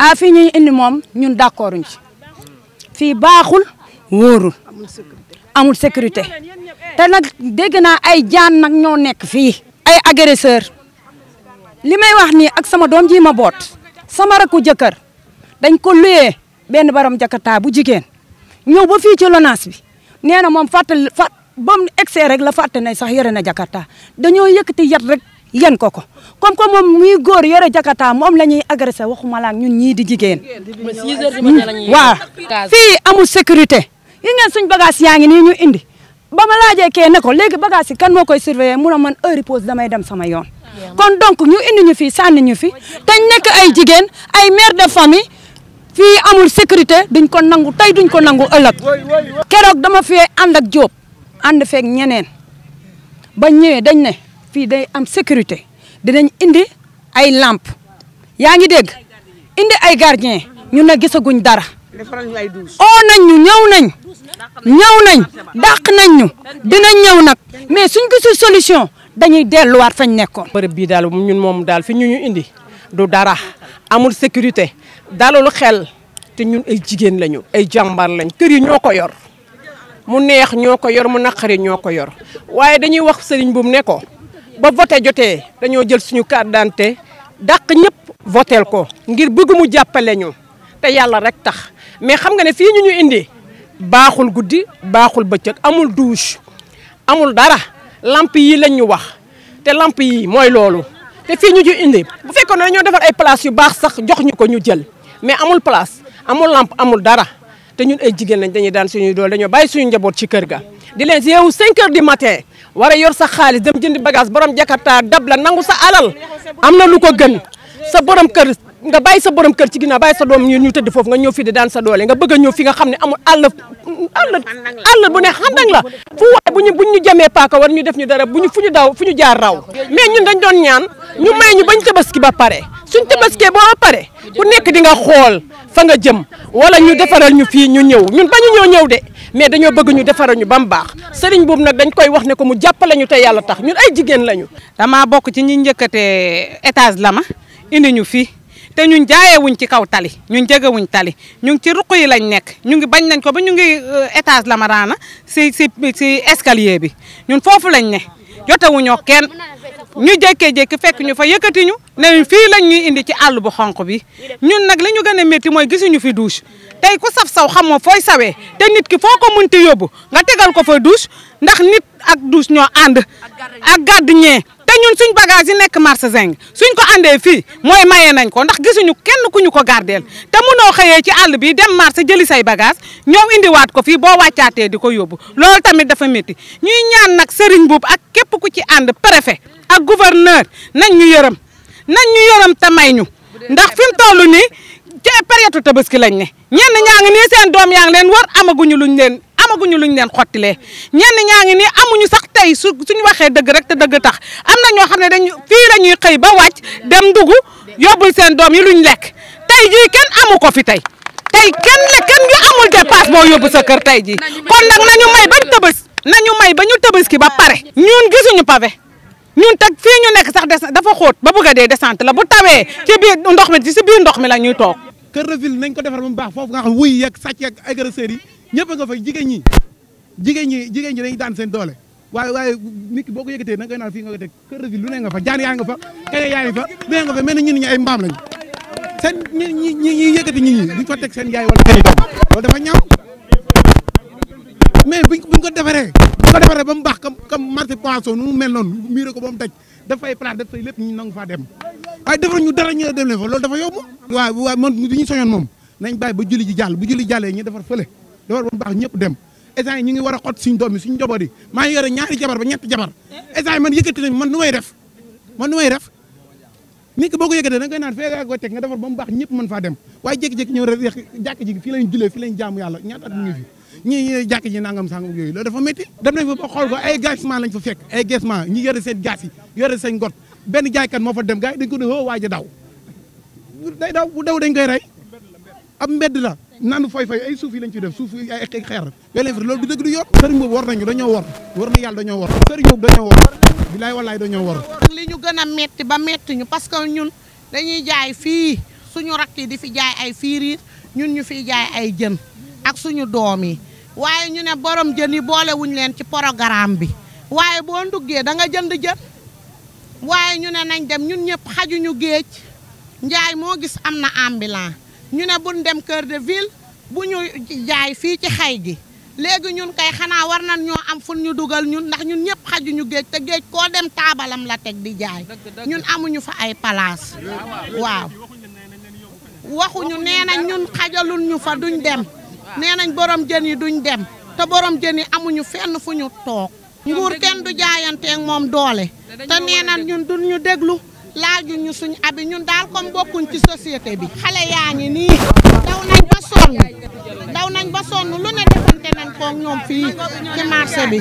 a ah, fi ñuy indi mom ñun d'accordu ci fi baaxul wóorul amul sécurité té nak dégg na ay jaan nak ño nek fi ay agresseur limay wax ni ak sama dom ji ma bot. sama rakku jëkër dañ ko ben baram jakarta bu jigen ñëw ba fi ci lonas bi nee mom fatenai fàttali fàtt rek la faté sax yéré na jakarta dañoo yëkëti yat rek yan koko comme comme mom muy gor yore jakata mom lañuy agresser waxuma la ñun ñi di jigen wa fi amul sécurité yi nga suñ bagage yaangi ni ñu indi ba ma laajee bagasi ne bagage kan mo koy surveiller mu na man heure pause damay dem sama yoon kon donc ñu indi ñu fi sann ñu fi te nekk ay jigen ay mère de famille fi amul sécurité duñ ko nangu tay duñ ko nangu ëllëg kérok dama fee and ak job and fek ñeneen ba dañ fii day am sécurité dinañ indi ay lampe yaa ngi dégg indi ay gardien ñu ne gisaguñ dara oo nañ ñu ñëw nañ ñëw nañ dàq nañ ñu dinañ ñëw nag mais suñ gisul solution dañuy delluwaat fañ nekkoon bërëb bii daal ñun moom daal fi ñu ñu indi du dara amul sécurité dalul xel te ñun ay jigéen lañu ay jàmbar lañ kër yi ñoo ko yor mu neex ñoo ko yor mu naqari ñoo ko yor waaye dañuy wax sëriñ bu mu ne ko ba voté jotee dañoo jël suñu carte d'identité dàq ñëpp voteel ko ngir bëgg mu jàppale ñu te yàlla rek tax mais xam nga ne fii ñu ñu indi baaxul guddi baaxul bëccëg amul douche amul dara làmp yi lañ ñu wax te lamp yi mooy loolu te fii ñu ñu indi bu fekkoon ne ñoo defar ay place yu baax sax jox ñu ko ñu jël mais amul place amul làmp amul dara te ñun ay jigéen lañ dañuy daan suñuy dool dañoo bàyyi suñu njaboot ci kër ga di leen si yeewu 5 heures matin war a yor sa xaalis dem jënd bagage borom jakarta dab la nangu sa alal am na lu ko gën sa borom kër nga bàyyi sa borom kër ci ginnaaw bàyyi sa doom ñu ñu tëdd foofu nga ñëw fi di daan sa doole nga bëgg a ñëw fi nga xam ne amul àll àll àll bu ne xandang la fu waaye bu ñu buñ ñu jamee paaka war ñu def ñu dara bu ñu fu ñu daw fu ñu jaar raw mais ñun dañ doon ñaan ñu may ñu bañ tabaski ba pare suñ tabaskee boo pare ku nekk di nga xool fa nga jëm wala ñu defaral ñu fii ñu ñëw ñun bañu ñoo ñëw de mais dañoo bëgg ñu defaral ñu ba mu baax sëriñ boobu nag dañ koy wax ne ko mu jàppale ñu te yàlla tax ñun ay jigéen lañu. damaa bokku ci ñi njëkkatee étage la ma indi ñu fii te ñun jaayewuñ ci kaw tali ñun jegewuñ tali ñu ngi ci ruq yi lañ nekk ñu ngi bañ nañ ko ba ñu ngi euh, étage la ma raana si si si escalier bi ñun foofu lañ ne jotewuñoo kenn. ñu jékkee-jékki fekk ñu fa yëkkati ñu ne fii lañ ñuy indi ci àll bu xonq bi ñun nag li ñu gën a métti mooy gisuñu fi douche tey ku saf saw xam moo fooy sawee te nit ki foo ko mun munti yóbbu nga tegal ko fa douche ndax nit ak douche ñoo ànd ak gardien te ñun suñ bagage yi nekk marché zinc suñ ko àndee fii mooy maye nañ ko ndax gisuñu kenn ku ñu ko gardeel te munoo xëyee ci àll bi dem marché jëli say bagage ñëw indiwaat ko fii boo wàccaatee di ko yóbbu loolu tamit dafa métti ñuy ñaan nag sëriñ buub ak képp ku ci ànd préfet ak gouverneur nañ ñu yëram nañ ñu yëram ta may ñu ndax fim tollu ni ci période tabaski lañ ne ñen ñaangi ni seen doom yaang leen war amaguñu luñu leen amaguñu luñu leen xottilé ñen ñaangi ni amuñu sax tay suñu waxé dëgg rek te dëgg tax am ño xamné dañ fi lañuy xey ba wacc dem ndugg yobul seen doom yi luñu lek tay ji amu ko fi tay tay kenn la kenn yu amul dépasse boo yobu sa kër tay ji kon nak nañu may bañ tëbës nañu may bañu ñu ba pare ñun gisuñu pavé ñun teg fii ñu nekk sax des dafa xóot ba bëgg a dee descente la bu tawee ci biir ndox mi ci biir ndox mi la ñuy toog. Kër ville nañ ko defar ba mu baax foofu nga xam wuy yeeg sàcc yeeg agresseurs yi ñëpp nga fay jigéen ñi jigéen ñi jigéen ñi dañuy daan seen doole waaye waaye nit ki boo ko yëkkatee na nga koy naan fii nga ko teg kër de ville lu ne nga fa jaan yaa nga fa kañ yaa ngi fa nee nga fa mel na ñun ñi ay mbaam lañu seen ñi ñi ñi ñuy ñi duñ teg seen yaay wala seen i doom loolu dafa ñaaw mais buñ buñ bu ko defaree ba mu baax comme comme marché poisson nu mu mel noonu miiré ko ba mu daj dafay place def say lépp ñu nangu faa dem waaye defar ñu dara ñu dem leen fa loolu dafa yomb. waaw waaw man du ñu soñoon moom nañ bàyyi ba julli ji jàll bu julli jàllee ñu defar fële defar ba mu baax ñëpp dem instant yi ñu ngi war a xot suñ doom yi suñ njaboot yi maa ngi yore ñaari jabar ba ñetti jabar instant yi man yëkkati nañ man nu may def man nu may def nit ki boo ko yëkkatee da nga koy naan fee ko teg nga defar ba mu baax ñëpp mën faa dem waaye jékki-jékki ñëw rek jàkk ji fii lañ julee fii lañ jaamu yàlla ñaata at mu ngi fi ñii jàkk ji nangam sangam yooyu loolu dafa métti dem nañ xool ko ay gasement lañ fa fekk ay gasement ñi yore seen gaas yi yore seen got benn jaaykat moo fa dem gars yi dañ ko ne hoo oh, waaj a daw day daw bu daw dañ koy rey ab mbedd la naan fay fay suuf yi lañ ci def suuf ay xeer yooyu lañ fa loolu du dëgg du yoon sëriñ boobu war nañu dañoo war war na yàlla dañoo war dañoo war bilaay walaay ñu gën a metti ba metti ñu parce que ñun dañuy jaay fii suñu rakk yi di fi jaay ay fiiriir ñun ñu fiy jaay ay jën ak suñu doom yi waaye ñu ne borom jën yi boole leen ci programme bi waaye boo nduggee da nga jënd jën waaye ñu ne nañ dem ñun ñëpp xajuñu géej njaay moo gis am na ambulant ñu ne buñ dem cœur de ville bu ñu jaay fii ci xay ji léegi ñun kay xanaa war nañ ñoo am fun ñu dugal ñun ndax ñun ñëpp xajuñu géej te géej koo dem taabalam la teg di jaay ñun amuñu fa ay palaas waaw waxuñu nee na ñun xajalul fa duñ dem nee nañ borom jën yi duñ dem te borom jën yi amuñu fenn fu ñu toog nguur kenn du jaayanteeg moom doole te nee nañ ñun ñu déglu laajuñ ñu suñ abi ñun daal comme bokkuñ ci société bi xale yaa ngi nii daw nañ ba daw nañ ba sonn lu ne defante nañ koog ñoom fii ci marché bi